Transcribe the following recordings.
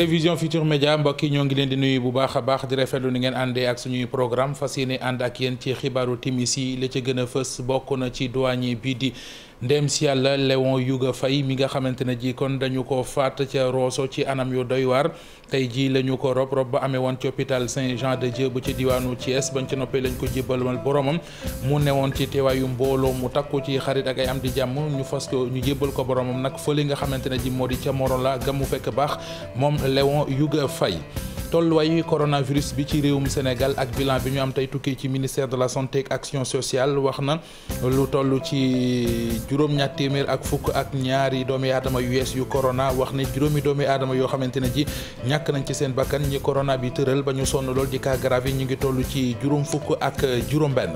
télévision Futur Média mbokk yi ñoo ngi leen di nuyu bu baax a baax di rafetlu ni ngeen àndee ak suñuy programme fas yéene ànd ak yéen ci xibaaru timis yi li ci gën a fës bokk na ci douanier bii di. ndem si yàlla Léon Yuga Faye mi nga xamante ne ji kon dañu ko faat ca Rosso ci anam yu doy waar tey jii lañu ko rob rob ba amee woon ci hôpital Saint-Jean-de-Dieu bu ci diwaanu Thiès bañ ci noppee lañ ko jébbalmal boromam mu ne woon ci teewaayu mbooloo mu takku ci xarit ak ay am di jàmm ñu fas ko ñu jébbal ko boromam nag fële nga xamante ne ji moo di ca Morola gamu fekk baax moom Léon Yuga Faye tolluwaayu coronavirus bi ci réewum Sénégal ak bilan bi ñu am tey tukkee ci ministère de la santé action sociale wax na lu toll ci juróom-ñaar ak fukk ak ñaari doomi aadama yu yees yu corona wax ne juróomi doomi aadama yoo xamante ne ji ñàkk nañ ci seen bakkan ñi corona bi tëral ba ñu sonn lool di cas grave ñu ngi toll ci juróom fukk ak juróom-benn.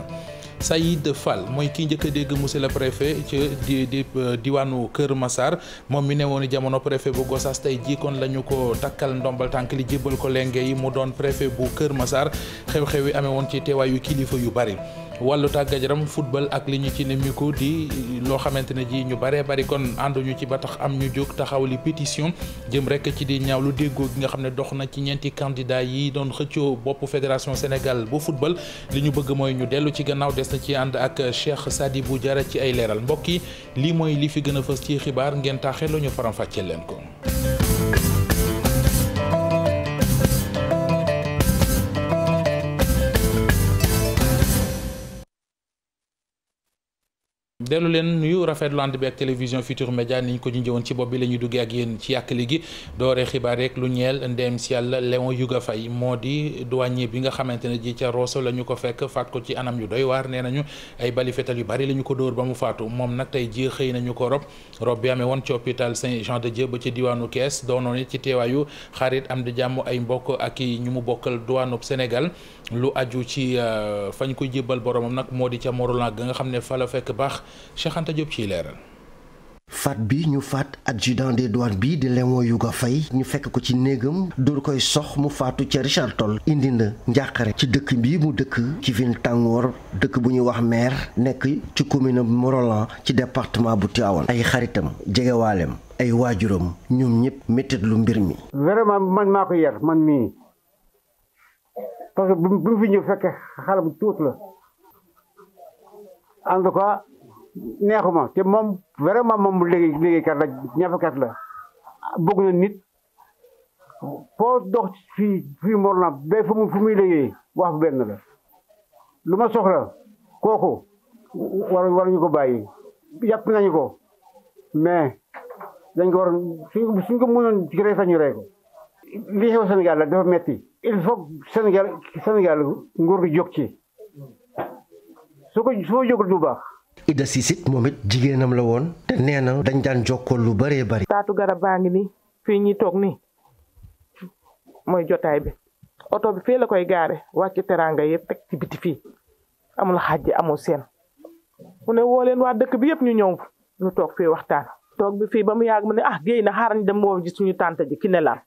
Saïd Fall mooy kii njëkk a dégg monsieur le préfet ci di euh, diwaanu Kër Massar moom mi ne woon jamono préfet bu Gossas tey jii kon la ko takkal ndombal tànk li jébbal ko lenge yi mu doon préfet bu Kër Massar xew-xew yi amee woon ci teewaayu kilifa yu bari wàllu tàggajaram yaram football ak li ñu ci nemmiku di loo xamante ne ji ñu baree bari kon ànduñu ci ba tax am ñu jóg taxaw li pétition jëm rek ci di ñaaw lu déggoo gi nga xam ne dox na ci ñeenti candidat yi doon xëccoo bopp fédération Sénégal bu football li ñu bëgg mooy ñu dellu ci gannaaw des na ci ànd ak Cheikh bu jara ci ay leeral mbokk yi lii mooy li fi gën a fës ci xibaar ngeen taaxee la ñu faram-fàccee leen ko. dellu leen nuyu rafetlu ànd bi ak télévision Futur Média ni ñu ko ñu jëwoon ci bopp bi la ñuy duggee ak yéen ci yàkkali gi dooree xibaar rek lu ñeel ndéem si yàlla yu Yuga Faye moo di douanier bi nga xamante ne ji ca Rosso la ñu ko fekk faat ko ci anam yu doy waar nee nañu ay bali fetal yu bari la ñu ko dóor ba mu faatu moom nag tey ji xëy nañu ko rob rob bi amee woon ci hôpital Saint-Jean de Dieu ba ci diwaanu Kees doonoon ci teewaayu xarit am di jàmm ay mbokk ak ñu mu bokkal douanub Sénégal lu aju ci euh, fañ ko jébbal boromam nag moo di ca Morolan ga nga xam ne fa la fekk baax Cheikh Anta Diop ciy leeral. faat bi ñu faat adjudant des douanes bii di Léon Yuga Faye ñu fekk ko ci néegam dóor koy sox mu faatu ca Richard Toll indi na njàqare ci dëkk bi mu dëkk ci ville Tàngoor dëkk bu ñuy wax maire nekk ci commune Morolan ci département bu Tivaouane ay xaritam jegewaaleem ay waajuram ñoom ñëpp méttit lu mbir mi vraiment maa ko yar man mii parce bu fi ñëw fekk xale bu tuut la en neexuma te moom vraiment moom liggéey liggéeykat la ñafakat la bëgg na nit foo dox fii fii Mont Lamp fu muy liggéey wax bu benn la lu ma soxla kooku war waruñu ko bàyyi yàpp nañ ko mais dañ ko war suñ suñ ko mënoon ñu rey ko li xew Sénégal la dafa metti il faut Sénégal Sénégal nguur gi jóg ci su ko su ko jógul du baax Ida Sisit moom it jigéenam la woon te nee na dañ daan jokkool lu bëree bëri. taatu garab baa ngi nii fii ñuy toog nii mooy jotaay bi oto bi fii la koy gaare wàcc teraanga yëpp teg ci biti fii amul yi amul seen mu ne woo leen waa dëkk bi yëpp ñu ñëw ñu toog fii waxtaan. toog bi fii ba mu yàgg mu ne ah géey na xaaral ñu dem woo ji suñu tante ji ki ne laam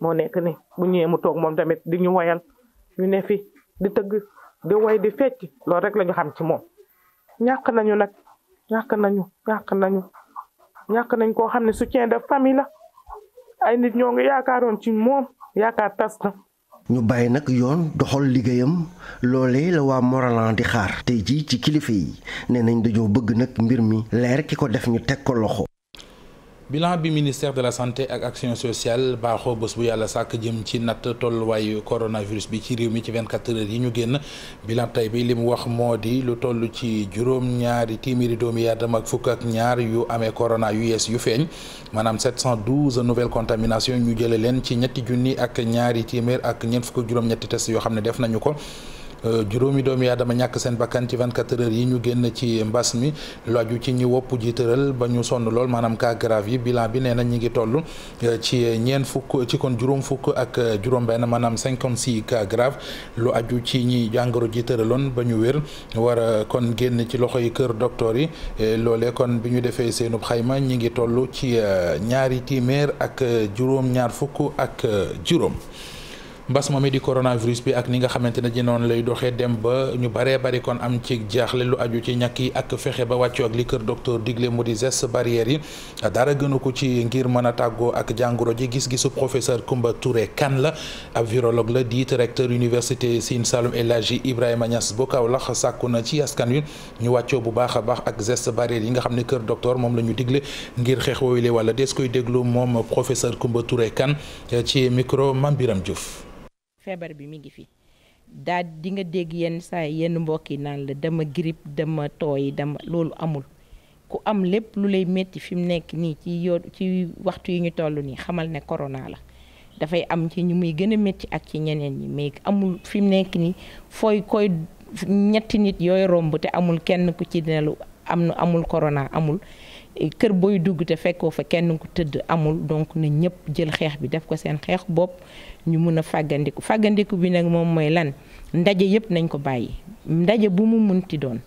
moo nekk ni bu ñëwee mu toog moom tamit di ñu woyal ñu ne fi di tëgg di woy di fecc loolu ñàkk nañu nag ñàkk nañu ñàkk nañu ñàkk nañ koo xam ne soutien de famille la ay nit ñoo ngi yaakaaroon ci moom yaakaar tas na. ñu bàyyi nag yoon doxal liggéeyam loolee la waa Moralan di xaar. tey jii ci kilifa yi nee nañ dañoo bëgg nag mbir mi leer ki ko def ñu teg ko loxo. bilan bi ministère de la santé ak action sociale baaxoo bés bu yàlla sàkk jëm ci natt tolluwaayu coronavirus bi ci réew mi ci vingt 24 heures yi ñu génn bilan tey bi li mu wax moo di lu toll ci juróom-ñaari téeméeri doomi aadama ak fukk ak ñaar yu amee corona yu yees yu feeñ maanaam 712 nouvelles contaminations ñu jëlee leen ci ñetti junni ak ñaari téeméer ak ñeent fukk juróom-ñetti test yoo xam ne def nañu ko. Euh, juróomi doomi aadama ñàkk seen bakkan ci 24 heures yi ñu génn ci mbas mi lu aju ci ñi wopp ji tëral ba ñu sonn lool maanaam cas yi bilan bi neena na ñi ngi toll euh, ci ñeen fukk ci kon juróom fukk ak juróom-benn maanaam ci cas grave lu aju ci ñi jàngoro ji tëraloon ba ñu wér war a euh, kon génn ci loxo yi kër docteur yi loole kon bi ñu defee seenub xayma ñi ngi toll ci ñaari téeméer ak juróom ñaar fukk ak juróom mbas moom di coronavirus bi ak ni nga xamante ne ji noonu lay doxee dem ba ñu baree bari kon am ci jaaxle lu aju ci ñàkk yi ak fexe ba wàccoo ak li kër docteur digle mu di geste barrière yi dara gënu ko ci ngir mën a tàggoo ak jàngoro ji gis-gisu professeur Koumba Touré kan la ab virologue la di recteur université Sine Saloum El Hadji Ibrahima Niass bu lax sàkku na ci askan wi ñu wàccoo bu baax a baax ak geste barrière yi nga xam ne kër docteur moom la ñu digle ngir xeex woowule wala des koy déglu moom professeur Koumba Touré kan ci micro Mame Biram Diouf feebar bi mi ngi fi daa di nga dégg yenn saa yenn mbokk yi naan la dama grippe dama tooy dama loolu amul ku am lépp lu lay métti fi mu nekk nii ci yoo ci waxtu yi ñu toll nii xamal ne corona la dafay am ci ñu muy gëna a métti ak ci ñeneen ñi mais amul fi mu nekk nii fooy koy ñetti nit yooyu romb te amul kenn ku ci ne lu am amul corona amul. kër booy dugg te fekkoo fa kenn ku tëdd amul donc nañ ñëpp jël xeex bi def ko seen xeex bopp ñu mun a fàggandiku fàggandiku bi nag moom mooy lan ndaje yëpp nañ ko bàyyi ndaje bu mu munti doon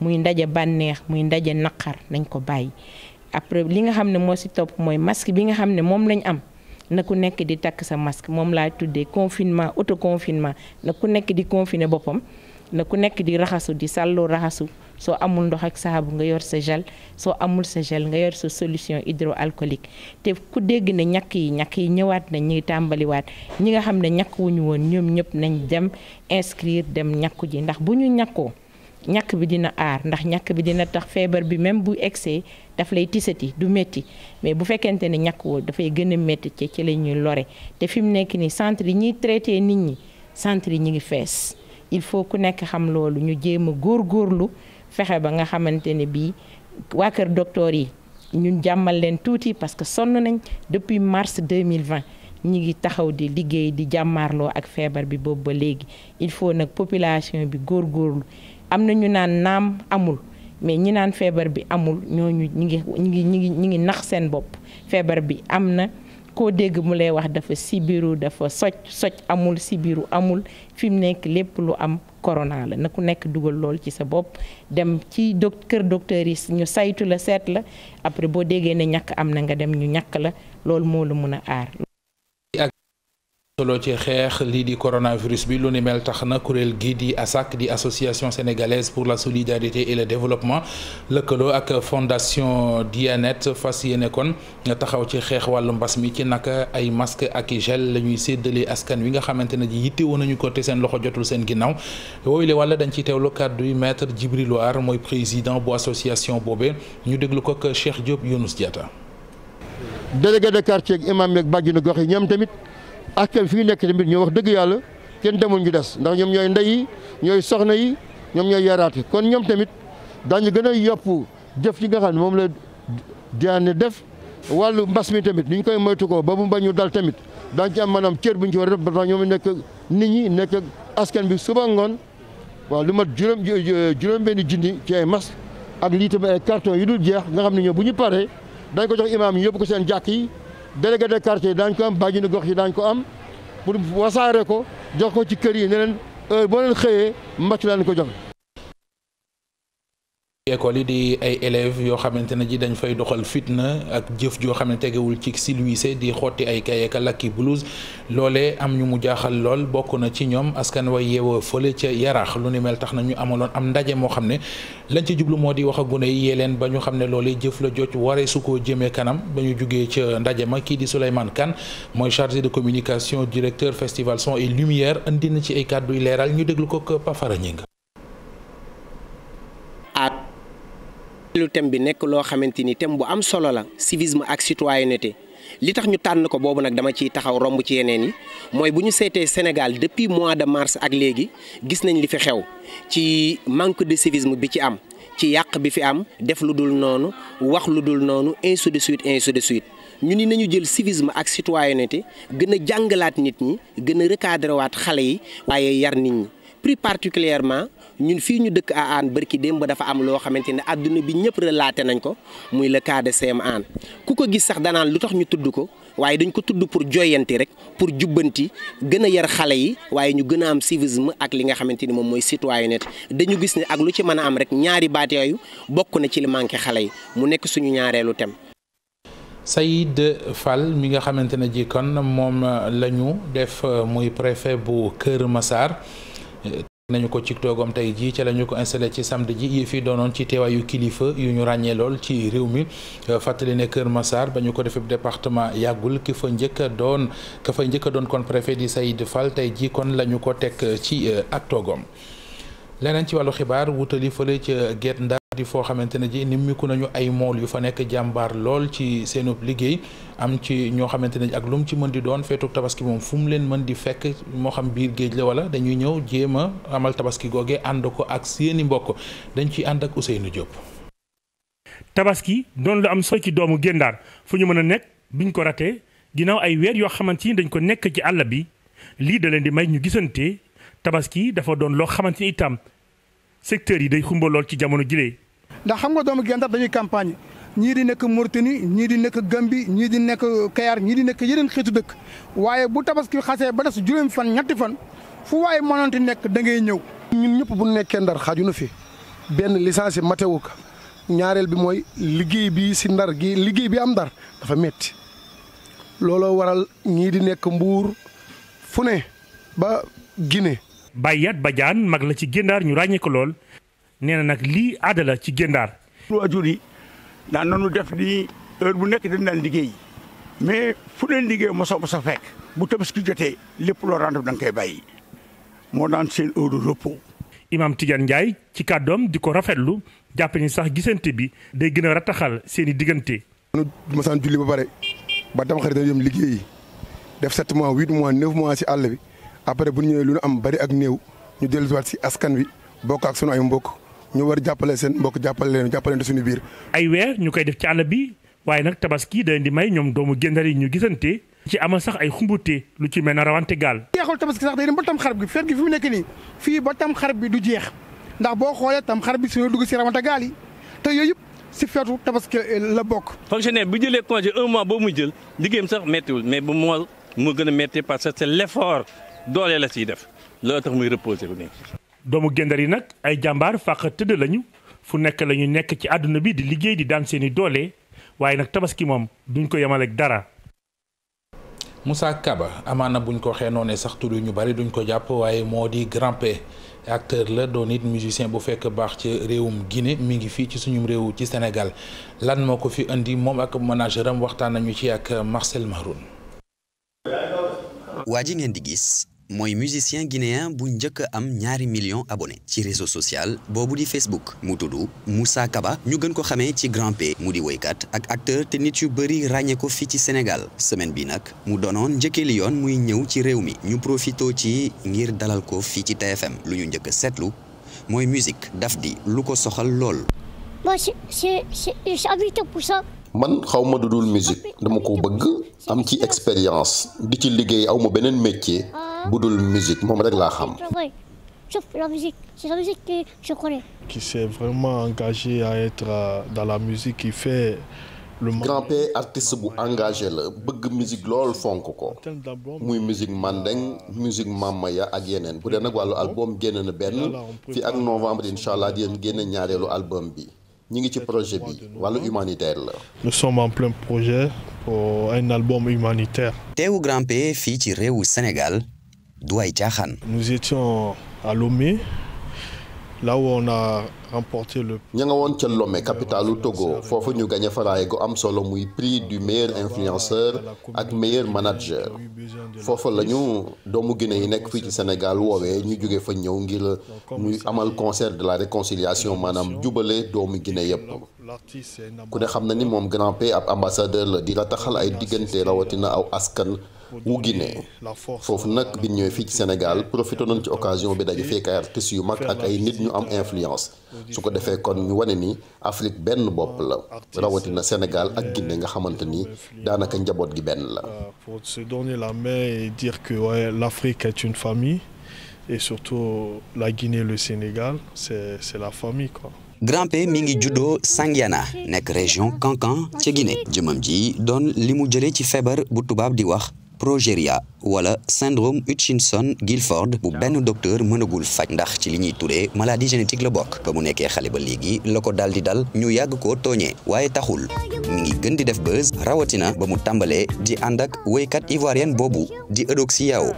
muy ndaje bànneex muy ndaje naqar nañ ko bàyyi après li nga xam ne moo si topp mooy masque bi nga xam ne moom lañ am na ku nekk di takk sa masque moom laay tuddee confinement auto confinement na ku nekk di confiner boppam na ku nekk di raxasu di sàlloo raxasu soo amul ndox ak saabu nga yor sa gel soo amul sa gel nga yor sa solution hydroalcoolique te ku dégg na ñàkk yi ñàkk yi ñëwaat nañ ñuy tàmbaliwaat ñi nga xam ne ñàkk wuñu woon ñoom ñëpp nañ dem inscrire dem ñàkku ji ndax bu ñu ñàkkoo ñàkk bi dina aar ndax ñàkk bi dina tax feebar bi même bu egsee daf lay tisati du métti mais bu fekkente ne ñàkk woo dafay gën a métti ci ci la ñuy lore te fi mu nekk nii centre yi ñuy traité nit ñi centre yi ñu ngi fees il faut ku nekk xam loolu ñu jéem a góorlu fexe ba nga xamante ne bii waa kër docteur yi ñun jàmmal leen tuuti parce que sonn nañ depuis mars 2020 ñi ngi taxaw di liggéey di jàmmaarloo ak feebar bi boobu ba léegi il faut nag population bi góor góorgóorlu am na ñu naan naam amul mais ñi naan feebar bi amul ñoo ñu ngi ñi ngi ñi ngi ñi ngi nax seen bopp feebar bi am na koo dégg mu lay wax dafa sibiru dafa soj soj amul sibiru amul fi mu nekk lépp lu am corona la na ku nekk dugal lool ci sa bopp dem ci do kër docteur yi ñu saytu la seet la après boo déggee ne ñàkk am na nga dem ñu ñàkk la loolu moo la mun a aar solo ci xeex lii di coronavirus bi lu ni mel na kuréel gi di ASAC di association sénégalaise pour la solidarité et le développement lëkkaloo ak fondation Dianet fas yéene kon taxaw ci xeex wàllu mbas mi ci naka ay masque ak i gel la ñuy séddalee askan wi nga xamante ne yitte woon nañu ko te seen loxo jotul seen ginnaaw wooyu le wala dañ ciy teewlu kàddu yi maître Djibril War mooy président bu association boobee ñu déglu ko ak Cheikh Diop Younous Diatta askan fi nekk tamit ñoo wax dëgg yàlla kenn demul ñu des ndax ñoom ñooy ndey yi ñooy soxna yi ñoom ñooy yaraat yi kon ñoom tamit daañu gën a yopp jëf yi nga xam ne moom la daan def wàllu mbas mi tamit ni ñu koy moytu ko ba mu bañu dal tamit daa ci am maanaam cër bu ñu ci war a def ba tax ñoom nekk nit ñi nekk askan bi suba ngoon waaw lu mat juróom juróom benn junni ci ay masque ak lii tamit ay carton yu dul jeex nga xam ne ñoom bu ñu paree dañ ko jox imaam yi yóbbu ko seen jàkk yi délégué de quartier daañ ko am bàjjenu gox yi daañ ko am pour wasaare ko jox ko ci kër yi ne leen heure boo leen xëyee match laan ko jox école yi di ay élèves yoo xamante ne ji dañ fay doxal fitna ak jëf joo xam ne tegewul ci silwise di xotti ay kaye ak lakki blouse loole am ñu mu jaaxal lool bokk na ci ñoom askan way yeewoo fële ca yaraax lu ni mel tax na ñu amaloon am ndaje moo xam ne lañ ci jublu moo di wax yi yee ba ñu xam ne loolee jëf la jot waree su koo jëmee kanam ba ñu jugee ca ndaje ma kii di Souleymane kan mooy chargé de communication directeur festival son et lumière indi na ci ay kàddu leeral ñu déglu ko Pafara Ñing lu thème bi nekk loo xamante ni thème bu am solo la civisme ak citoyenneté li tax ñu tànn ko boobu nag dama ciy taxaw romb ci yeneen mooy bu ñu seetee Sénégal depuis mois de mars ak léegi gis nañ li fi xew ci manque de civisme bi ci am ci yàq bi fi am def lu dul noonu wax lu dul noonu ainsi de suite ainsi de suite ñu ni nañu jël civisme ak citoyenneté gën a jàngalaat nit ñi gën a recadrer waat xale yi waaye yar nit ñi plus particulièrement ñun fii ñu dëkk à Hann bërki démb dafa am loo xamante ne àdduna bi ñëpp laate nañ ko muy le cas de CM ku ko gis sax danaan lu tax ñu tudd ko waaye dañ ko tudd pour joyanti rek pour jubbanti gën a yar xale yi waaye ñu gën a am civisme ak li nga xamante ni moom mooy citoyenneté dañu gis ne ak lu ci mën a am rek ñaari baat yooyu bokk na ci li manqué xale yi mu nekk suñu ñaareelu thème. Saïd fal mi nga xamante ne ji kon moom lañu ñu def euh, muy préfet bu Kër Massar. nañu ko ci toogam tey jii ca la ko installé ci samedi ji yi fi doonoon ci teewaayu kilifa yu ñu ràññee lool ci réew mi euh, fàttali ne Kër Massar ba ñu ko defee département yàggul ki fa njëkk a doon doon kon préfet di Saïd Fall tey jii kon lañu ko teg ci euh, ak toogam leneen ci wàllu xibaar wutali fële ca Guet Ndar di foo xamante ne ji nimmiku nañu ay mool yu fa nekk jàmbaar lool ci seenu liggéey am ci ñoo xamante ne ak lu ci mën di doon feetu tabaski moom fu mu leen mën di fekk moo xam biir géej la wala dañuy ñëw jéem a amal tabaski googee ànd ko ak seeni mbokk dañ ciy ànd ak Ousseynou Diop. tabaski doon lu am solo ci doomu guet fu ñu mën a nekk biñ ko ratee ginnaaw ay weer yoo xamante ni dañ ko nekk ci àll bi lii da leen di may ñu gisante tabaski dafa doon loo xamante ni itam secteur yi day xumba lool ci jamono jile ndax xam nga doomu Guet-Ndar dañuy campagne ñii di nekk Mauritanie ñii di nekk Gambie ñii di nekk Kayar ñii di nekk yeneen xeetu dëkk waaye bu tabaski xasee ba des juróomi fan ñetti fan fu waaye mënante nekk da ngay ñëw. ñun ñëpp bu nekkee ndar xaju na fi benn licence yi matewu ko ñaareel bi mooy liggéey bi si ndar gi liggéey bi am ndar dafa metti looloo waral ñii di nekk mbuur fu ne ba gine Guinée. Bayat Badiane mag la ci guet ñu ràññee ko lool. nee na nag lii aadala la ci Guet-Ndar waajur yi daan nañu def ni heure bu nekk dañ daan liggéey mais fu leen liggéey mosoo mos a fekk bu tabaski jotee lépp loo rende da nga koy bàyyi moo daan seen heure de repos imaam Tidiane Ndiaye ci kàddoom di ko rafetlu jàpp ni sax gisante bi day gën a rattaxal seen i diggante nu masaan julli ba pare ba tam xarit dañu dem liggéeyi def sept mois huit mois neuf mois si àll bi après bu ñu ñëwee lu ñu am bari ak néew ñu dellusiwaat si askan wi bokk ak sunu ay mbokk ñu war jàppale seen mbokk jàppale leen jàppale suñu biir. ay weer ñu koy def ci àll bi waaye nag tabaski dañ di may ñoom doomu guet yi ñu gisante. ci amal sax ay xumbute lu ci mel na rawante gaal. jeexul tabaski sax day dem ba tam xarab gi feet gi fi mu nekk nii fii ba tam xarab bi du jeex ndax boo xoolee tam xarab bi suñu dugg si rawante gaal yi te yooyu yëpp si feetu tabaski la bokk. fonctionnaire bu jëlee congé un mois boo muy jël liggéeyam sax méttiwul mais bu mool moo gën a métti parce que c'est l'effort la siy def loolu tax muy reposer bu nekk. doomu Gendar yi nag ay jàmbaar fàq tëdd lañu fu nekk la ñu nekk ci àdduna bi di liggéey di daan seeni doole waaye nag tabaski moom duñ ko yemaleeg dara. Moussa Kaba amaana buñ ko waxee noonee sax tur yu ñu bari duñ ko jàpp waaye moo di Grand P acteur la doon it musicien bu fekk baax ci réewum Guinée mi ngi fii ci suñum réew ci senegal lan moo ko fi indi moom ak manager am waxtaan nañu ci ak Marcel Maroun. waa ngeen di gis mooy musicien guinéen bu njëkk a am ñaari million abonnés ci réseau sociale boobu di Facebook mu tudd Moussa Kaba ñu gën ko xamee ci Grand P mu di woykat ak acteur te nit yu bëri ràññee ko fii ci Sénégal semaine bi nag mu doonoon njëkkee li yoon muy ñëw ci réew mi ñu profito ci ngir dalal ko fii ci TFM lu ñu njëkk seetlu mooy musique daf di lu ko soxal lool. man xaw ma dudul musique dama ko bëgg am ci expérience di ci liggéey aw ma beneen métier. Ah. bu dul musique moom rek laa xam. sauf la musique c'est la musique que je connais. qui s'est vraiment engagé à être euh, dans la musique qui fait. Grand P artiste bu engagé la bëgg musique lool fonk ko muy musique mandeng musique mamaya ak yeneen bu dee nag wàllu album génn na benn fi ak novembre incha allah di leen génne ñaareelu album bi ñu ngi ci projet bi wàllu humanitaire la. nous sommes en plein projet pour un album humanitaire. teewu Grand P fii ci réewu Sénégal. Douai Djahan. Nous étions à Lomé. là où on ña nga woon ca Lomé capitalu Togo foofu ñu gañe faraay gu am solo muy prix du meilleur influenceur ak meilleur manager foofa la ñu doomu Guinée yi nekk fii ci Sénégal woowee ñu jóge fa ñëw ngir ñu amal concert de la réconciliation maanaam jubale doomu Guinée yépp ku ne xam na ni moom Grand P ab ambassadeur la di rataxal ay diggante rawatina aw askan. wu Guinée foofu nag bi ñëwee fii ci Sénégal profité nañ ci occasion bi daje fekk ay artistes yu mag ak ay nit ñu am influence su ko defee kon ñu wane ni Afrique benn bopp la rawatina Sénégal ak Guinée nga xamante ni daanaka njaboot gi benn la. pour se la main et dire que ouais, surtout la Guinée le Sénégal c'est c'est la famille quoi. Grand P mi ngi juddoo Sangiana nekk région Kankan ca Guinée jëmam ji doon li mu jëlee ci feebar bu tubaab di wax projet progeria wala syndrome Hutchinson Gilford bu benn docteur mënagul faj ndax ci li ñuy tuddee maladie génétique la bokk ba mu nekkee xale ba léegi la ko daal di dal ñu yàgg koo tooñee waaye taxul mi ngi gën di def buzz rawatina ba mu tàmbalee di ànd ak woykat ivoirienne boobu di Eudoxie Yao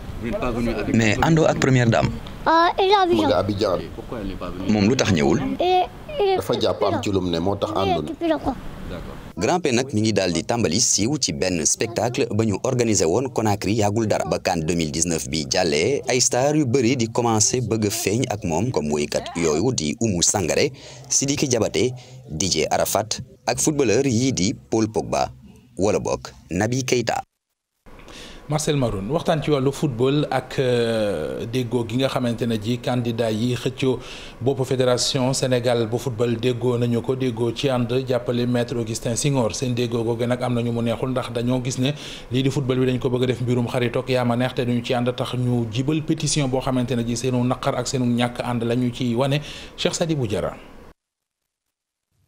mais àndoo ak première dame ah, mu nga Abidjan moom lu tax ñëwul dafa jàpp ci lum ne moo tax àndoon Grand P nag mi ngi daal di tàmbali siiw ci benn spectacle ba ñu organisé woon Conakry yàggul dara ba kan 2019 bi jàllee ay star yu bëri di commencé bëgg feeñ ak moom comme woykat yooyu di Oumou di Sidiki Diabaté DJ Arafat ak footballeur yii di Paul Pogba wala bokk Naby Keita Marcel Maroun waxtaan ci wàllu football ak euh, déggoo gi nga xamante ne ji candidat yi xëccoo boppu fédération Sénégal bu football déggoo nañu ko déggoo ci ànd jàppale maître Augustin Senghor seen déggoo googu nag am na ñu mu neexul ndax dañoo gis ne lii di football bi dañ ko bëgg def mbirum xaritook yaa ma neex te duñu ci ànd tax ñu jibal pétition boo xamante ne ji seenu naqar ak seenu ñàkk ànd la ñu ciy wane Cheikh bu Diarra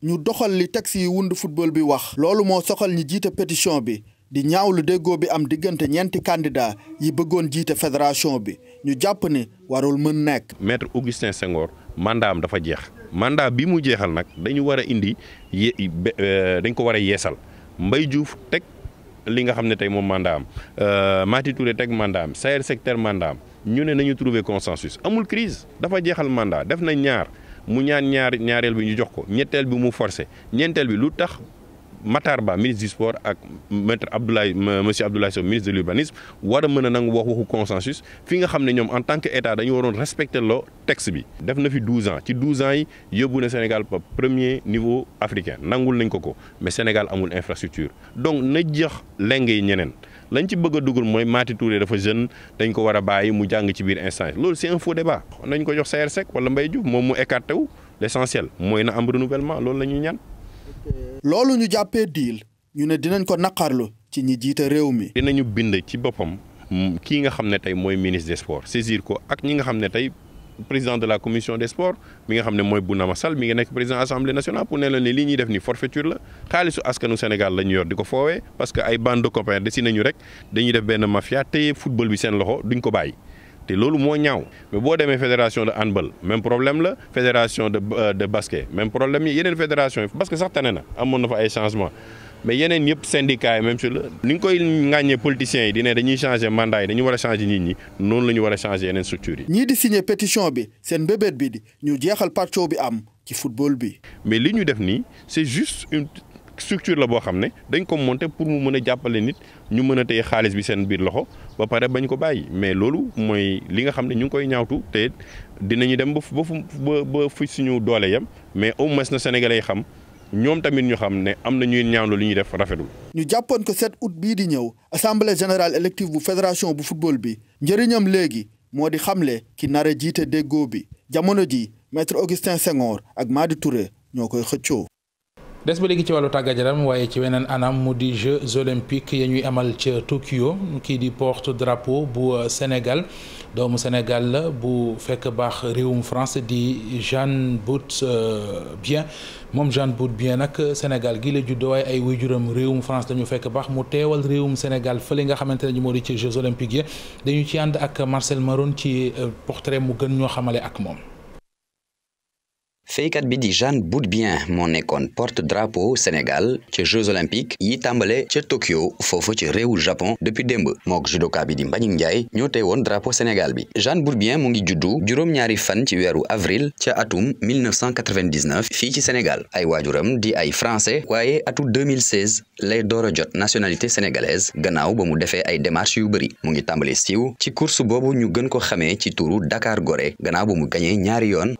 ñu doxal li taxi yi wund football bi wax. loolu moo soxal ñi jiite pétition bi. di ñaaw lu déggoo bi am diggante ñeenti candidat yi bëggoon jiite fédération bi ñu jàpp ni warul mën nekk. maître Augustin Senghor mandat am dafa jeex mandat bi mu jeexal nag dañu war a indi ye euh, dañ ko war a yeesal mbay Diouf teg li nga xam ne tey moom mandat am euh, Mati Touré teg mandat am Saër Seck teg am ñu ne nañu trouver consensus amul crise dafa jeexal mandat def na ñaar mu ñaan ñaar ñaareel bi ñu jox ko ñetteel bi mu forcé ñeenteel bi lu tax. Matar Ba ministre du sport ak maître Abdoulaye monsieur Abdoulaye Sow ministre de l'urbanisme war a mën a nangu wax waxu consensus fi nga xam ne ñoom en tant que état dañu waroon respecter loo texte bi. def na fi douze ans ci douze ans yi yóbbu na Sénégal ba premier niveau africain nangul nañ ko ko mais Sénégal amul infrastructure donc na jeex leng yi ñeneen. lañ ci bëgg a mooy Mati Touré dafa jeune dañ ko war a bàyyi mu jàng ci biir instance loolu c'est un faux débat nañ ko jox Saer Seck wala Mbaye mooy na am loolu la ñuy ñaan loolu ñu jàppee diil ñu ne dinañ ko naqarlu ci ñi jiite réew mi. dinañu bind ci boppam mm, kii nga xam ne tey mooy ministre des sports saisir ko ak ñi nga xam ne tey président de la commission des sports mi nga xam ne mooy Bounama Sall mi nga nekk président assemblée nationale pour ne la ne lii ñuy def ni forfaiture la xaalisu askanu Sénégal la ñu yor di ko foowee parce que ay bande de copains desi nañu rek dañuy def benn mafia tey football bi seen loxo duñ ko bàyyi. te loolu moo ñaaw mais boo demee fédération de handball même problème la fédération de euh, de basket même problème yeneen fédération yi parce que sax tane na amoon na fa ay changement mais yeneen yëpp syndicat yi même si la ni ñu koy ŋàññee politiciens yi di dañuy changer mandat yi dañu war a changer nit ñi noonu la ñu war a changer yeneen structures yi. ñii di signer pétition bi seen bébét bi di ñu jeexal pàccoo bi am ci football bi. mais li ñu def nii c'est juste structure la boo xam ne dañ ko monter pour mu mën a jàppale nit ñu mën a tey xaalis bi seen biir loxo ba pare bañ ko bàyyi mais loolu mooy li nga xam ne ñu ngi koy ñaawtu te dinañu dem ba ba ba fu suñu doole yam mais au moins na sénégalais ay xam ñoom tamit ñu xam ne am na ñuy ñaawlu li ñuy def rafetul. ñu jàppoon ko 7 août bii di ñëw assemblée général élective bu fédération bu football bi njëriñam léegi moo di xamle ki nar a jiite déggoo bi jamono ji maître Augustin Senghor ak Madi Touré ñoo koy xëccoo. des ba léegi ci wàllu tàggajaram waaye ci weneen anam mu di Jeux olympiques ya ñuy amal ca Tokyo kii di porte drapeau bu euh, Sénégal doomu Sénégal la bu fekk baax réewum France di Jeanne Bout euh, Bien moom Jeanne Bout Bien nag Sénégal gi la juddoo waaye ay waajuram réewum France dañu fekk baax mu teewal réewum Sénégal fële nga xamante ne moo di ci Jeux olympiques yi dañu ci ànd ak Marcel Maroon ci euh, portrait mu gën ñoo xamale ak moom. feykat bi di Jeanne bien moo nekkoon porte drapeau Sénégal ca Jeux olympiques yi tàmbale ca Tokyo foofu ci réewu Japon depuis démb mook judoka bi di Mbagnick Ndiaye ñoo tey woon drapeau Sénégal bi Jeanne bien mu ngi juddu juróom-ñaari fan ci weeru avril ca atum 1999 fii ci Sénégal ay waajuram di ay français waaye atu 2016 lay door jot nationalité sénégalaise gannaaw ba mu defee ay démarches yu bëri mu ngi tàmbale siiw ci course boobu ñu gën ko xamee ci turu Dakar Gorée gannaaw ba mu gañee ñaari yoon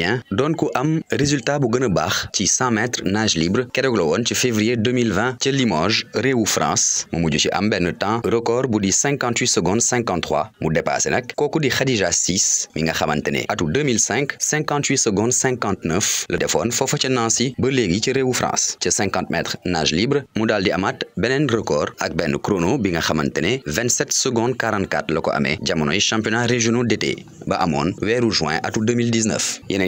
bien doon ku am résultat bu gën a baax ci 100 mètres nage libre keroog la woon ci février 2020 ca Limoges réewu France mu mujj ci am benn temps record bu di 58 secondes 53 mu dépassé nag kooku di Khadija Sis mi nga xamante ne atu 2005 58 secondes 59 la defoon foofa ca Nancy ba léegi ci réewu France ca mètres nage libre mu daal di amaat beneen record ak benn chrono bi nga xamante ne 27 secondes 44 la ko amee jamonoy championnat régionaux d'été ba amoon weeru juin atu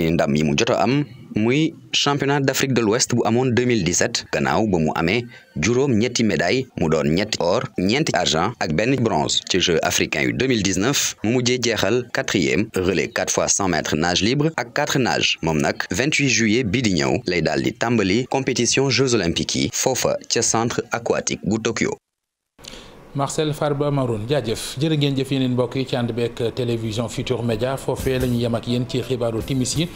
ay ndam yi mu jot a am muy championnat d'Afrique de l'Ouest bu amoon 2017 gannaaw ba mu amee juróom ñetti médaille mu doon ñetti or ñeenti argent ak benn bronze ci jeu africain yu 2019 mu mujjee jeexal quatrième relais 4 fois 100 mètres nage libre ak 4 nage moom nag 28 juillet bii di ñëw lay daal di tàmbali compétition jeux olympiques yi foofa ca centre aquatique bu Tokyo Marcel Farba Maroun jaajëf jërë ngeen jëf yeneen mbokk yi ci ànd beeg télévision Futur Média foofee la ñu yem ak yéen ci xibaaru timis yi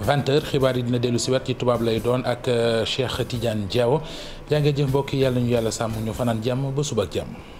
20 xibaar yi dina dellu si wet ci tubaab lay doon ak euh, Cheikh Tidiane Diaw jaa jëf mbokk yàlla ñu yàlla sàmm ñu fanaan jàmm ba sub ak jàmm.